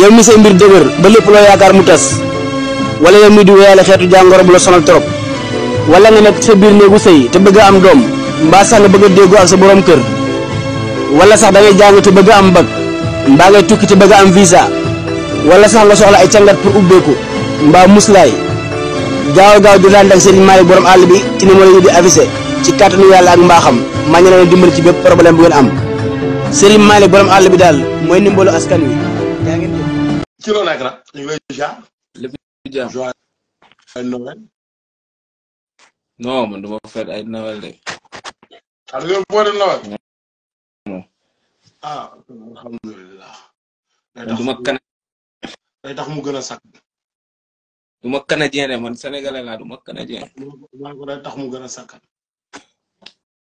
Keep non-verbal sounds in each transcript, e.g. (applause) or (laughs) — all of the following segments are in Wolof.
yow mi sey mbir deuguer ba lepp lo yaakar mu tass wala yow mi di wéyale xeetu jangoro bu la sonal torop wala nga nek sa bir neegu sey te bëgg am dom mba sax nga bëgg ak sa borom kër wala sax da ngay jàng te bëgg am mba ngay tukki te bëgg am visa wala sax la soxla ay cangat pour ubbeeku mba muslay gaaw gaaw di daan ak sëriñ Maalik borom all bi ci ni mo la di avisé ci kàttanu yalla ak mbaxam ma ñu la dimbal ci bëpp problème bu ngeen am sëriñ malik borom àll bi daal mooy askan wi yaa ngi nii. ci loolu nag ay Noël. non man du ma fête ay Noël de. ah du ngeen boole Noël. ah alhamdulilah. du ma kan. day tax mu gën a sakk. du ma canadien de man sénégalais laa du ma canadien. mu gën a sakkan.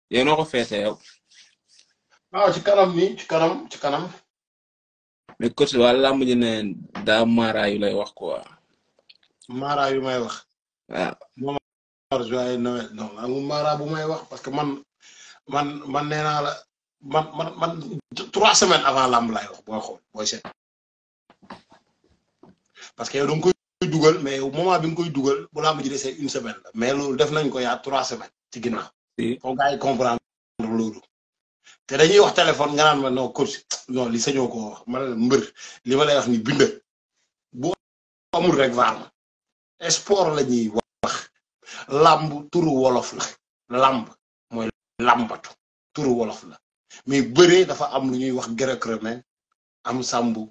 yow ah, ci kanam nii ci kanam ci kanam. mais coach waa làmb ji ne daa maaraayu lay wax quoi. yu may wax. waaw moom joyeux bu may wax parce que man man man nee naa la man man man trois semaines avant làmb laay wax booy xool booy seet. parce que yow da dugal mais moment bi nga koy dugal bu làmb ji desee une semaine la mais loolu def nañ ko yaa trois semaines ci ginnaaw. foo gaa comprendre loolu. té dañuy wax téléphone nga nan ma non coach non li sañu ko wax ma mbeur li ma lay wax ni bind bu amul rek war na sport la wax lamb turu wolof la lamb moy lambatu turu wolof la mais bëree dafa am lu ñuy wax grec-romain am sambu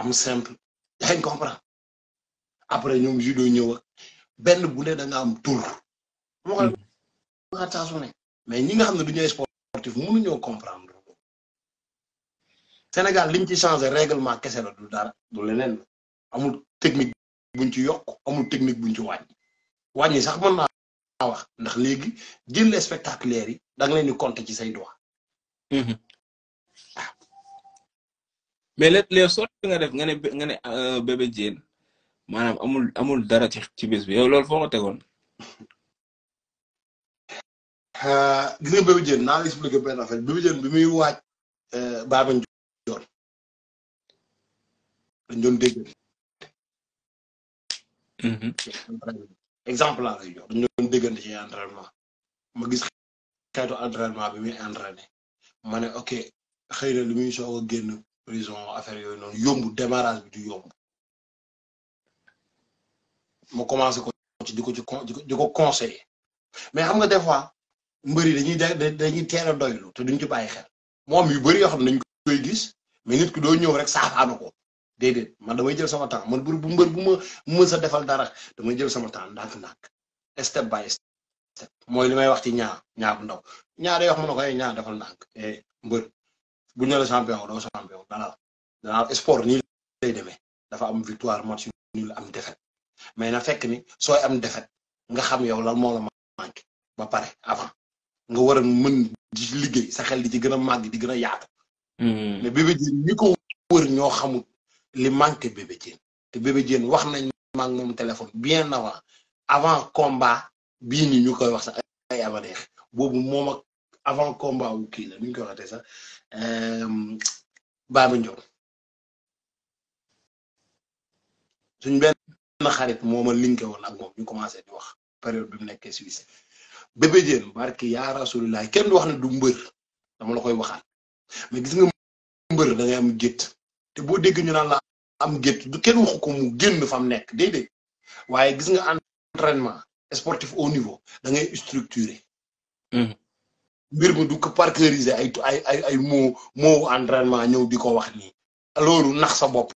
am simple yaa ngi comprendre après ñom judo ñëw ak benn bu né da nga am tur. Hmm. moo xam ne mais ñi nga xam ne du ñu sport u mënuñoo comprendre Sénégal liñ ci changé règlement kese la du dara du leneen amul technique buñ ci yokk amul technique buñ ci wàññi wàññi sax mën naa wax ndax léegi jël spectaculaire yi da nga leen di compter ci say doigts. Mhm. mais lépp léegi soo nga def nga ne nga ne euh, Bébé Diène maanaam amul amul dara ci ci bés bi yow loolu foo (laughs) gis nga Bébé Diène naa la expliqué benn affaire Bébé bi muy waaj euh, Baba Ndiol dañ doon dégg. Mm-hmm. exemple laa lay jox dañ doon déggante ci entraînement ma gis xeetu entraînement bi muy ok xëy na li muy soog a prison affaire yooyu noonu yomb démarrage bi yomb ma commencé ko ci di ko ci di ko conseiller mais xam mbeuri dañuy dañuy téla doylu te duñ ci bàyyi xel mom yu bari yo xam nañ koy gis mais nit ku do ñew rek saafaanu ko déedéet man damay jël sama temps man bu bu mbeur bu ma mësa sa defal dara damay jël sama temps ndànk-ndànk step by step moy limay wax ci ñaar ñaar bu ndaw ñaar yoo xam ne koy eh, ñaar defal ndànk eh, mbeur bu ñu la champion do champion dara dara sport ni lay démé dafa am victoire match nul am défaite mais na fekk ni soy am défaite nga xam yow lan mo la manqué ba paré avant nga war a mën di liggéey sa xel di ci gën a màgg di gën a yaatu. Mm-hmm. mais Bébé Diène ñi ko wër ñoo xamul li manqué Bébé Diène te Bébé Diène wax nañ ma ak moom téléphone bien avant avant combat bii nii ñu koy wax sax ay abadeex boobu moom ak avant combat wu kii la nu ñu koy waxatee sax euh, Baba Ndiol suñ benn xarit moo ma linké woon ak moom ñu commencé di wax période bi mu nekkee Suisse. Bébé Diène barki yaa rasulilah kenn du wax na du mbër dama la koy waxaat mais gis nga mbër da ngay am gétt te boo dégg ñu naan la am gétt du kenn waxu ko mu génn fa mu nekk déedéet waaye gis nga entraînement sportif au niveau da ngay structuré. Hmm. mbir mi du ko parcleriser ay ay mo ay moo moo entraînement ñëw di ko wax nii nax sa bopp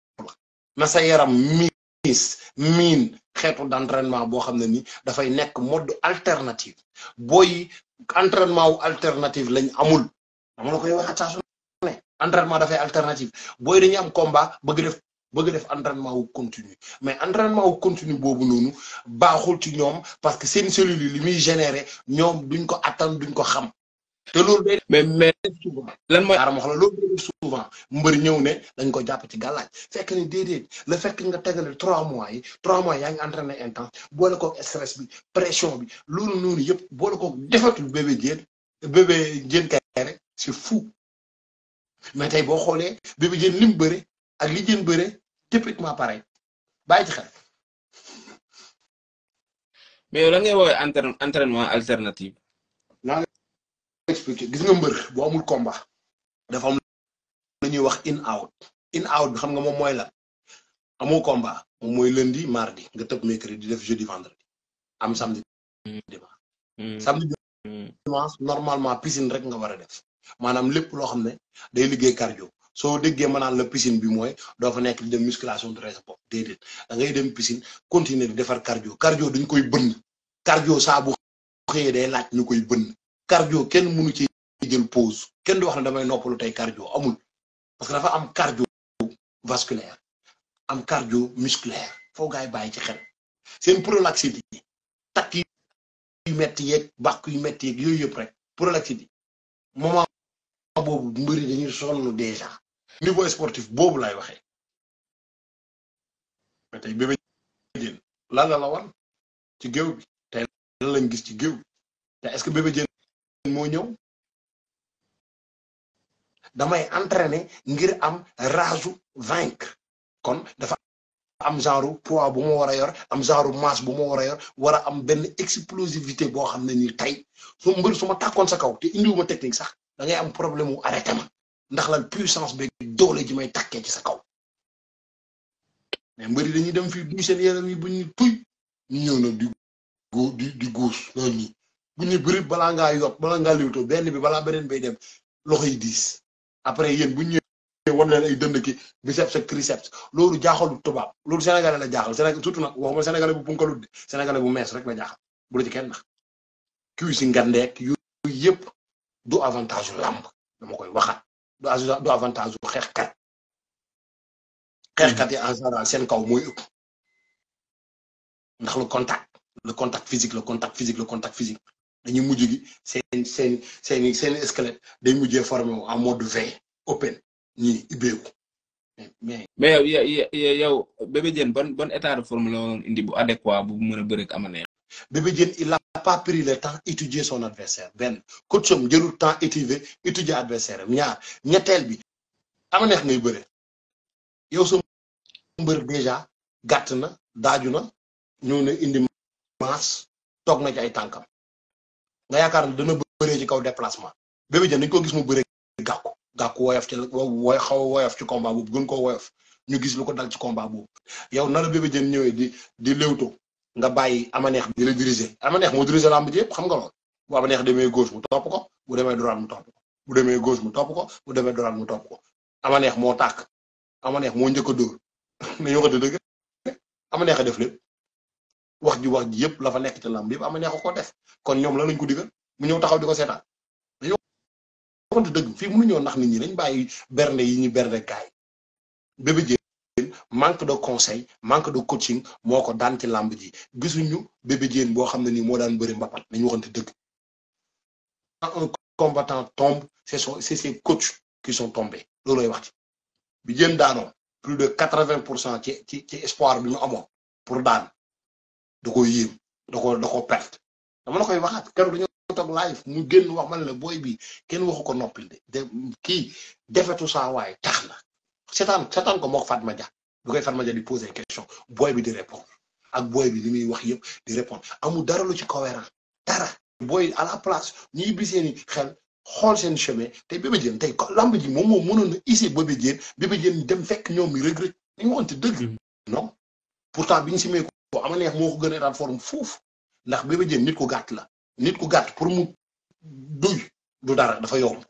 la yaram miis miin xeetu d'entraînement boo xam ne ni dafay nekk mode alternative booy entraînement wu alternative lañ amul dama la koy waxaat saa entraînement dafay alternative booy dañuy am combat bëgg def bëgg def entraînement wu continu mais entraînement wu continu boobu noonu baaxul ci ñoom parce que c'est cellules yi lui muy générer ñoom duñ ko attendre duñ ko xam te loolu day mais mais souvent lan mooy aram wax la loolu day souvent mbër ñëw ne dañ ko jàpp ci gàllaaj fekk ni déedéet le fekk nga tegale trois mois yi trois mois yaa ngi entraîné intense boole koog stress bi pression bi loolu noonu yëpp boole koog defatul bébé jéen bébé jéen kay rek c'est fou mais boo xoolee bébé jéen li mu bëre ak li jéen bëre typiquement pareil bàyyi ci xel mais yow la ngay woowee entraînement alternative expliquer gis nga mbeur bo amul combat dafa am lañuy wax in out in out xam nga mom moy la amo combat mom moy lundi mardi nga tepp mercredi def jeudi vendredi am samedi hmm. dimanche hmm. samedi hmm. dimanche normalement piscine rek nga wara def manam lepp lo xamne day liggéey cardio so déggé manan naan la piscine bi moy do fa nek di dem musculation de rapport déedéet da ngay dem piscine continuer di defar cardio cardio duñ koy bënd cardio sa bu xëyee day laaj ñukoy bënd cardio kenn mënu ci jël pause kenn du wax damay damay noppalu tey cardio amul parce que dafa am cardio vasculaire am cardio musculaire foo gaay bàyyi ci xel seen prolaxite yi takk yu metti yeeg bàq yu metti yeeg yooyu yëpp rek prolaxite yi moment boobu mbëri dañuy sonn déjà niveau sportif boobu lay waxee mais tey bébé jën lan la la war ci géew bi tey lan lañ gis ci géw bi est-ce que bébé jën moo ñëw damay entraîner ngir am raasu vaincre kon dafa am genre poids bu ma yor am genre masse bu ma yor wara am ben explosivité bo xamné ni tay su mbeul suma ma sa kaw te indiwuma technique sax da ngay am problème mu arrêté ma ndax la puissance be doole ji may takké ci sa kaw mais mbëri dañuy dem fi duy seen yaram yi bu ñu tuy ñëw na di di di góos loolu ñi bu ñu bëri balaa ngaa yokk balaa ngaa liwtoo bi bala beneen bay dem loxo yi diis après yéen bu ñu ñëwee wan leen ay dënd ki biceps ak triceps loolu jaaxalu tubaab loolu sénégalais la jaaxal Sénégal surtout nag waxuma sénégalais bu punkalut de sénégalais bu mees rek la jaaxal bu la ci kenn nag kii si ngandeek yëpp du avantage yu làmb dama koy waxaat du avantage yu xeexkat xeexkat yi en général seen kaw mooy ëpp ndax le contact le contact physique le contact physique le contact physique dañu mujj gi seen seen seen seen squelette day mujjee formé wu en mode V open ñi ubbeeku mais. mais yow yow Bébé ban ban état de forme indi bu adéquat bu mën a bëreeg amane. Bébé Diène il le temps étudier son adversaire benn coach am jëlul temps étudier étudier adversaire am ñaar ñetteel bi ama neex ngay bëre yow sa mbër déjà gàtt na daaju na ñëw na indi masse toog na ci ay tànkam. nga yaakaar ne dana bëree ci kaw déplacement bébé jën dañ ko gis mu bëree gàkku gàkku woyof ci woy xaw woyof ci combat boobu gën koo woyof ñu gis lu ko dal ci combat boobu yow na la bébé jën ñëwee di di léwto nga bàyyi amaneex ya, di la diriger amaneex ya, moo diriger lamb ji yëpp ya, xam nga lool bu amaneex demee gauche mu topp ko bu demee droite mu topp ko bu demee gauche mu topp ko bu demee droite mu topp ko amaneex moo tàkk amaneex moo njëkk a dóor na yokkati dëgg amaneex (laughs) kan? a def lépp wax ji wax ji yep la fa nek ci lamb yep am neexu ko def kon ñom la lañ ko digal mu ñew taxaw yo ko seetaan dañoo waxante dëgg fii mënuñoo nax nit ñi dañ bayyi berne yi ñu berne kay bebe Diène manque de conseil manque de coaching moko ko ci lamb ji gisuñu Bébé Diène boo xam ne nii moo daan bëri mbapat dañu waxante deug un combattant tombe c'est son c'est ses coachs qui sont tombés loolu wax ci bi jeen daano plus de 80% ci ci espoir bi mu amoon pour dan da koo yéem da perte dama nakoy waxat waxaat keroog dañoo live mu génn wax man ne la booy bi kenn waxuko ko noppil de de kii defetu saa waay tax na seetaan seetaan ko moo Fatma Dia du koy Fatma Dia di poser question boy bi di répondre ak boy bi limi wax yeb di répondre amu dara lu ci cohérent dara boy à la place ñuy bi ni xel xol sen chemin te Bébé Diène tey lamb ji moom moo mënoon a issé Bébé Diène Bébé Diène dem fek ñoom mi regret ñu waxante deug mm. non pourtant biñ ci simee ko bon ama neex moo ko gën a daan forme foofu ndax Bébé Diène nit ku gàtt la nit ku gàtt pour mu duy du dara dafa yomb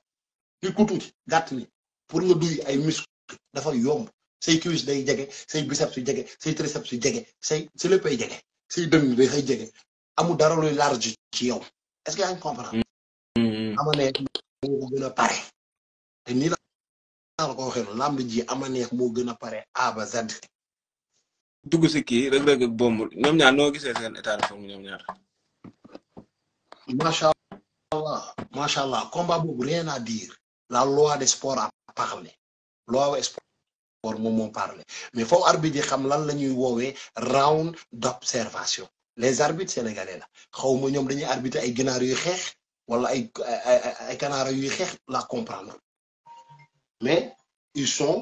nit ku gàtt ni pour nga duy ay muscle dafa yomb say cuisse day jege say biceps su jege say triceps su jege say si léppay jege say dënn dafay jege amul dara luy large ci yow est-ce que yaa comprendre mm-hmm. ama neex moo ko gën a pare te nii ji ama neex gën a pare A ba Z Tout ce qui est état de allah rien à dire la loi des sports a parlé loi des sports a parlé mais faut arbitre xam round d'observation les arbitres sénégalais la ñom dañuy arbitrer ay wala la comprendre mais ils sont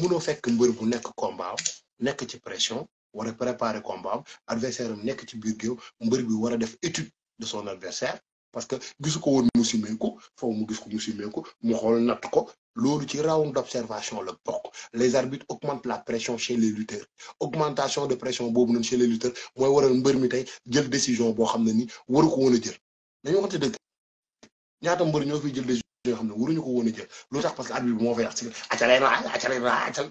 mëno fekk mbeur bu nek combat nek ci pression wara préparer combat adversaire nek ci biir géew mbeur bi wara def étude de son adversaire parce que gisu won woon ko simeeku foofu mu gis ko mu simeeku mu xool natt ko lolu ci round d'observation le bok les arbitres augmentent la pression chez les lutteurs augmentation de pression bobu non chez les lutteurs moy waral mbeur mi tay jël décision bo xam ni waru ko wona jël dañu waxante deug ñaata mbeur ñoo fiy jël décision yoo waru ne waruñu ko woon jël lu parce que arbitre bi moo fay wax si acalay naa acal naa acal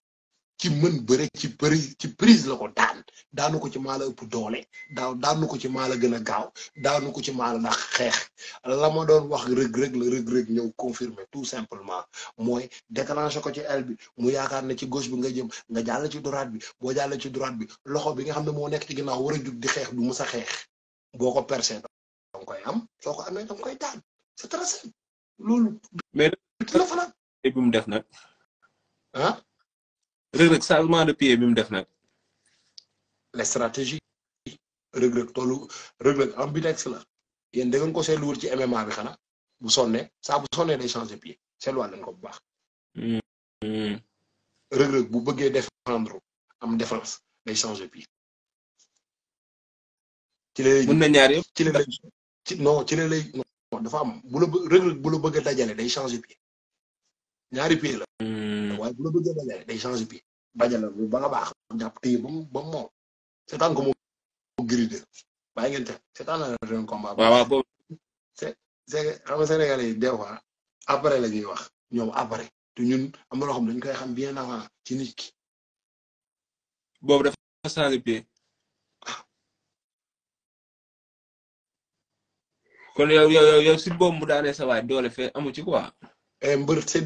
ci mën bëre ci bëri ci prise la ko daan daanu ko ci mala ëpp doole daaw daanu ko ci mala gëna gaaw daanu ko ci mala nak xex la ma doon wax rëg-rëg la rëg-rëg ñëw confirmer tout simplement moy déclencher ko ci L bi mu yaakaar ne ci gauche bi nga jëm nga jall ci droite bi bo jall ci droite bi loxo bi nga xamne mo nekk ci ginnaaw wara jug di xex du mës a xeex boo ko percé danga koy am soko amé amee koy daan c'est très simple lolu mais la mu def nak ah Reug Reug changement de pied bi mu def nag. les stratégies. Reug Reug tollu Reug Reug ambidextre la yéen da ko seetluwul ci MMA bi xana bu sonne saa bu sonne day changer pied seetluwaat nañ ko bu baax. Hmm. Reug bu bëggee défendre am défense day changer pied. ci la mën na ñaar yëpp ci la lay lay non dafa am bu la Reug Reug bëgg a dajale day changer pied ñaari pied la. Hmm. waaye bu la bëggee dajale bi dajale bu ba nga baax jàpp téye ba mu ba mu moom seetaan ko mu gridé bàyyi ngeen te a na leen combat waaw waaw boobu c'est c'est xam nga Sénégalais la ñuy wax ñoom après te ñun am na loo xam dañ koy xam bien avant ci nit ki boobu dafa ah. kon yow yow yow si boobu mu daanee sa waay doole fee amu ci quoi eh, mbër c'est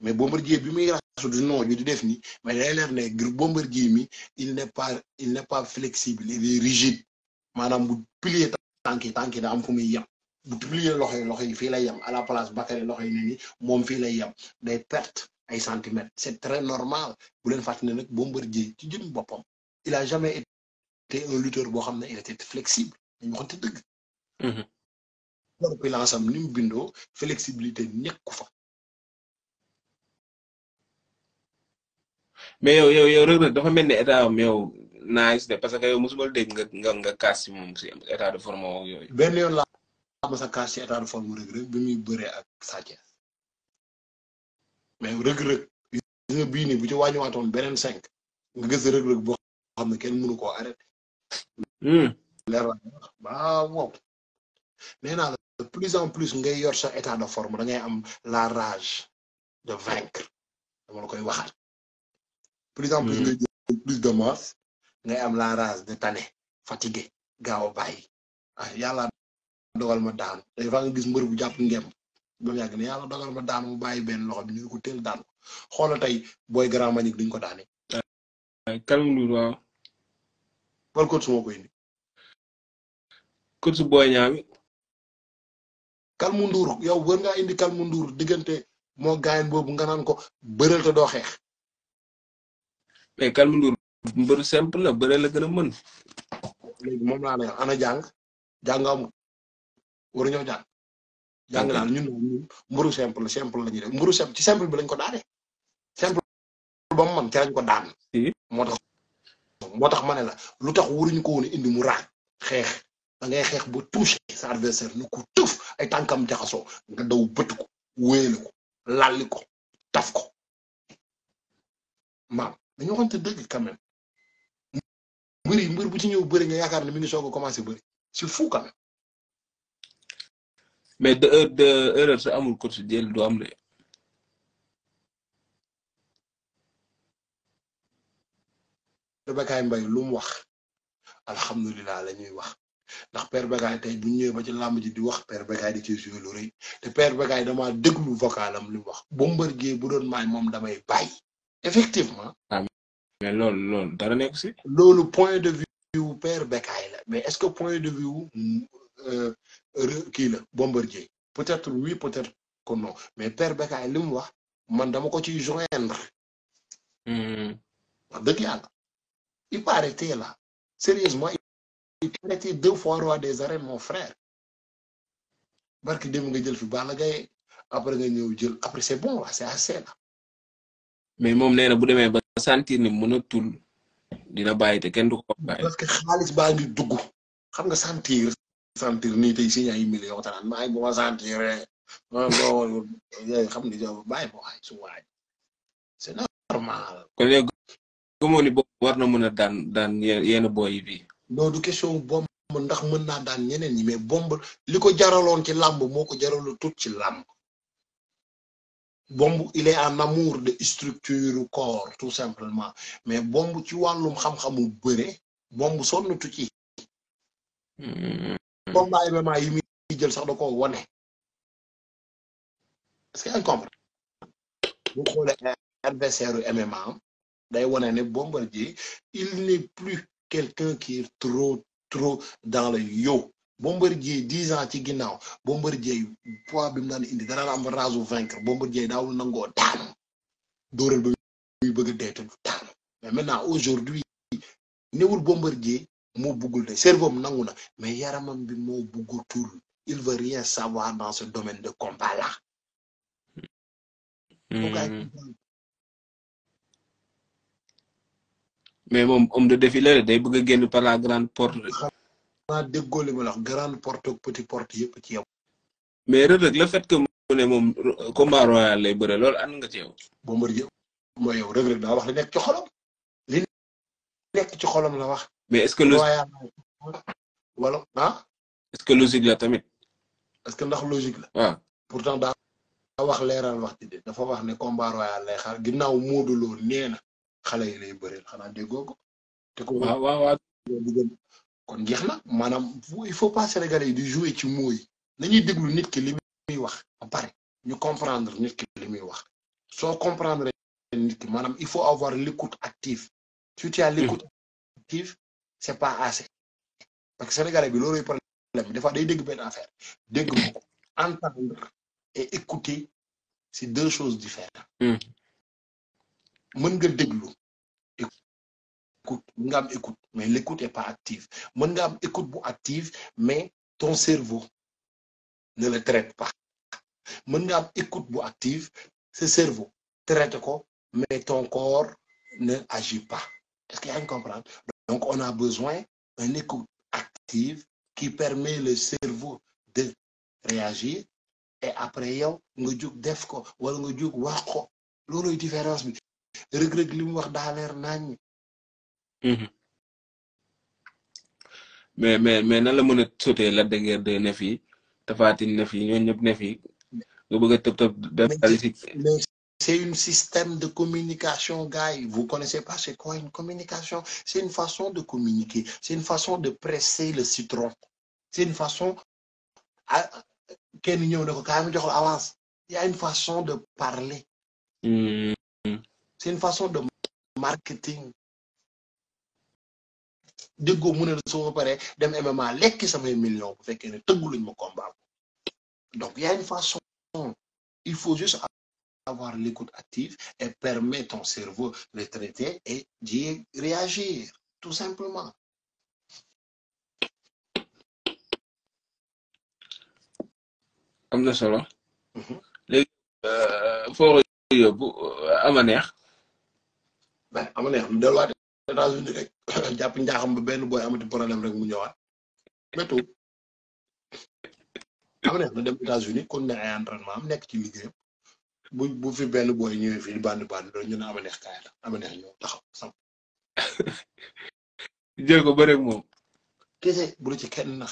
mais Bombardier bi muy raxasu du non ñu di def ni mais day leer ne Bombardier mi il n'est pas il n'est pas flexible il est rigide manam bu plier tant que tant que da am fu muy yem bu plier loxo yi loxo lay yam à la place Bakary loxo yi ni mom fi lay yam day perte ay centimètres c'est très normal bu len fàttali nak nag Bombardier ci jëm bopam il a jamais été un lutteur bo xam il était flexible dañu waxante dëgg mhm. corpulence am l'ensemble mu bindo flexibilité nekku fa mais yow yow yow Reug dafa mel ni état am yow nice de parce que yow mosuma dégg nga nga nga kaas si état de forme ak yooyu. benn yoon laa mas a kaas si état de forme Reug Reug bi muy bëree ak Sa Thiès mais Reug Reug gis bu ci wàññiwaatoon beneen cinq nga gis Reug Reug boo xam ne kenn mënu koo arrêté. Hmm. leer naa la de plus en plus ngay yor sa état de forme da ngay am la rage de vaincre dama koy waxaat. plus en plus mm. ngay jël de masse ngay am la rage de tane fatigué gaaw a bàyyi ah yàlla dogal ma daanu day fa nga gis mbër bu jàpp ngemb ba mu yàgg ne yàlla dogal ma daanu mu bàyyi benn loxo bi ñu ko daan ko xoolal tey booy grand manique duñ ko daane. waaw euh, Kalmu Ndour waaw. wala koy indi. coach booy ñaami. Kalmu Ndour yow war ngaa indi Kalmu Ndour diggante moo gaayen boobu nga naan ko bëral te doo xeex. mais Calme simple la bëre la gën a mën. moom laa lay ana jàng jàng amul war a mburu simple simple la ñuy mburu simple ci simple bi lañ ko daane. simple ba lañ ko daan. moo tax moo tax ma ne la lu tax waruñu ko woon indi mu raaj xeex da xeex ba touché sa adversaire nu ko tëf ay tànkam jaxaso nga daw bëtt ko wéelu ko lalli ko dañu waxante dëgg quand même mbir bu ci ñëw bëri nga yaakaar ne mu ngi soog a commencé bëri c'est fou quand mais de heure de erreur sa amul coach jël du am de. Père Bakaye Mbaye lu mu wax alhamdulilah la ñuy wax ndax Père Bakaye bu ñëwee ba ci làmb ji di wax Père Bakaye di ci joué lu rëy te Père Bakaye damaa déglu vocalam li mu wax Bombardier bu doon maay moom damay bàyyi. effectivement. Ah, mais loolu dans le nekk si. le point de vue où père Bekaï mais est-ce que point de vue euh, qui là, Bombardier peut-être oui peut-être que non mais père Bécaye li mu wax man dama ko ciy joindre. Hmm. wax dëgg il peut arrêter là sérieusement il peut arrêter deux fois roi des arrêts, mon frère. que dem nga jël fi Balla Gaye après nga ñëw jël après c'est bon là c'est assez là. mais moom nee na bu demee ba sentir ni mënatul dina bàyyi te kenn du ko bàyyi. parce que xaalis baa ngi dugg xam nga sentir sentir nii tey si ñaari millions te naan maa ngi ma sentir eh. oh, xam nga yow bàyyi ma waay su waay c'est normal. kon léegi gëmoo ni war na mën a daan daan yenn booy yi bii. non du question bomb ndax mën naa daan ñeneen ñi mais bomb li ko jaraloon ci làmb moo ko jaraloon tut ci làmb. Bombo, il est en amour de structure corps tout simplement mais bomb ci walum xam-xamu bëre Bombo sonnatu ci qui hmm. bama yi mi jël sax da ko wone est-ce que comprend? ngi bu adversaire u MMA day né ne ji il n'est plus quelqu'un qui est trop trop dans le yo Bombardier 10 ans ci ginnaaw Bombardier poids bi mu daan indi dana am rasu vaincre Bombardier daawul nango daanu dóoral ba muy bëgg a mais maintenant aujourd'hui newul Bombardier moo buggul de cerveau am nangu mais yaramam bi moo tour il veut rien savoir dans ce domaine de combat là. Hmm. mais mon homme de défi la day bëgg par la grande porte. naa déggoo li ma la wax grande porte ak petit porte yëpp ci yow. mais Reug Reug le fait que mu ne moom combat royal lay bëre loolu ànd nga ci yow. Bombardier mooy yow Reug Reug daa wax li nekk li nekk ci xolam la wax. mais est ce que royal wala ah. est ce que logique la tamit. est que ndax logique la. waaw ah. pourtant daa wax leeral wax dafa wax ne combat royal lay xaar ginnaaw Modou Lo nee na xale yi lay bëreel xanaa déggoo ko. te ko waaw kon jeex manam il faut pas sénégalais yi di jouer ci mots yi nañuy déglu nit ki li wax ba ñu comprendre nit ki li wax so comprendre nit ki il faut avoir l'écoute active si tu as l'écoute mm. active c'est pas assez parce que sénégalais bi looluy problème bi des fois day dégg benn affaire dégg moko entendre et écouter c'est deux choses différentes mm. mën nga déglu écoute écoute mais l'écoute n'est pas active mon ngam écoute active mais ton cerveau ne le traite pas mon ngam écoute active ce cerveau traite quoi mais ton corps ne agit pas est-ce qu'il y a une comprendre donc on a besoin d'une écoute active qui permet le cerveau de réagir et après yow nga jóg def ko wala nga jóg wax ko différence bi Reug Reug li wax Mhm. mais mais mais nan la meuna de nga c'est un système de communication gars vous connaissez pas c'est quoi une communication c'est une façon de communiquer c'est une façon de presser le citron c'est une façon ah, il y a une façon de parler. Mhm. c'est une façon de marketing de mu ne la soo paree dem MMA lekki samay million bu fekkee ne tëggu luñ ma combat donc il y a une façon il faut juste avoir l'écoute active et permettre ton cerveau de traiter et d'y réagir tout simplement amna solo mhm. léegi euh, foo yóbbu ama neex ama neex mu États-Unis rek (coughs) jàpp njaaxam ba benn booy amati problème rek mu ñëwaat météo am na dem États-Unis kon ne ay am nekk ci liggéeyam bu bu fi benn booy ñëwee fii di bandi bandi doon ñu ne ama neex kaay taxaw sam (laughs) jël ba rek moom kese bu ci kenn